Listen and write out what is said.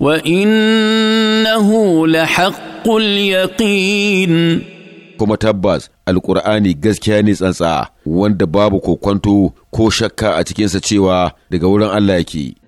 وانه لحق yaƙin. kuma tabbas alƙur'ani gaskiya ne tsantsa wanda babu kokwanto ko shakka a cikinsa cewa daga wurin Allah yake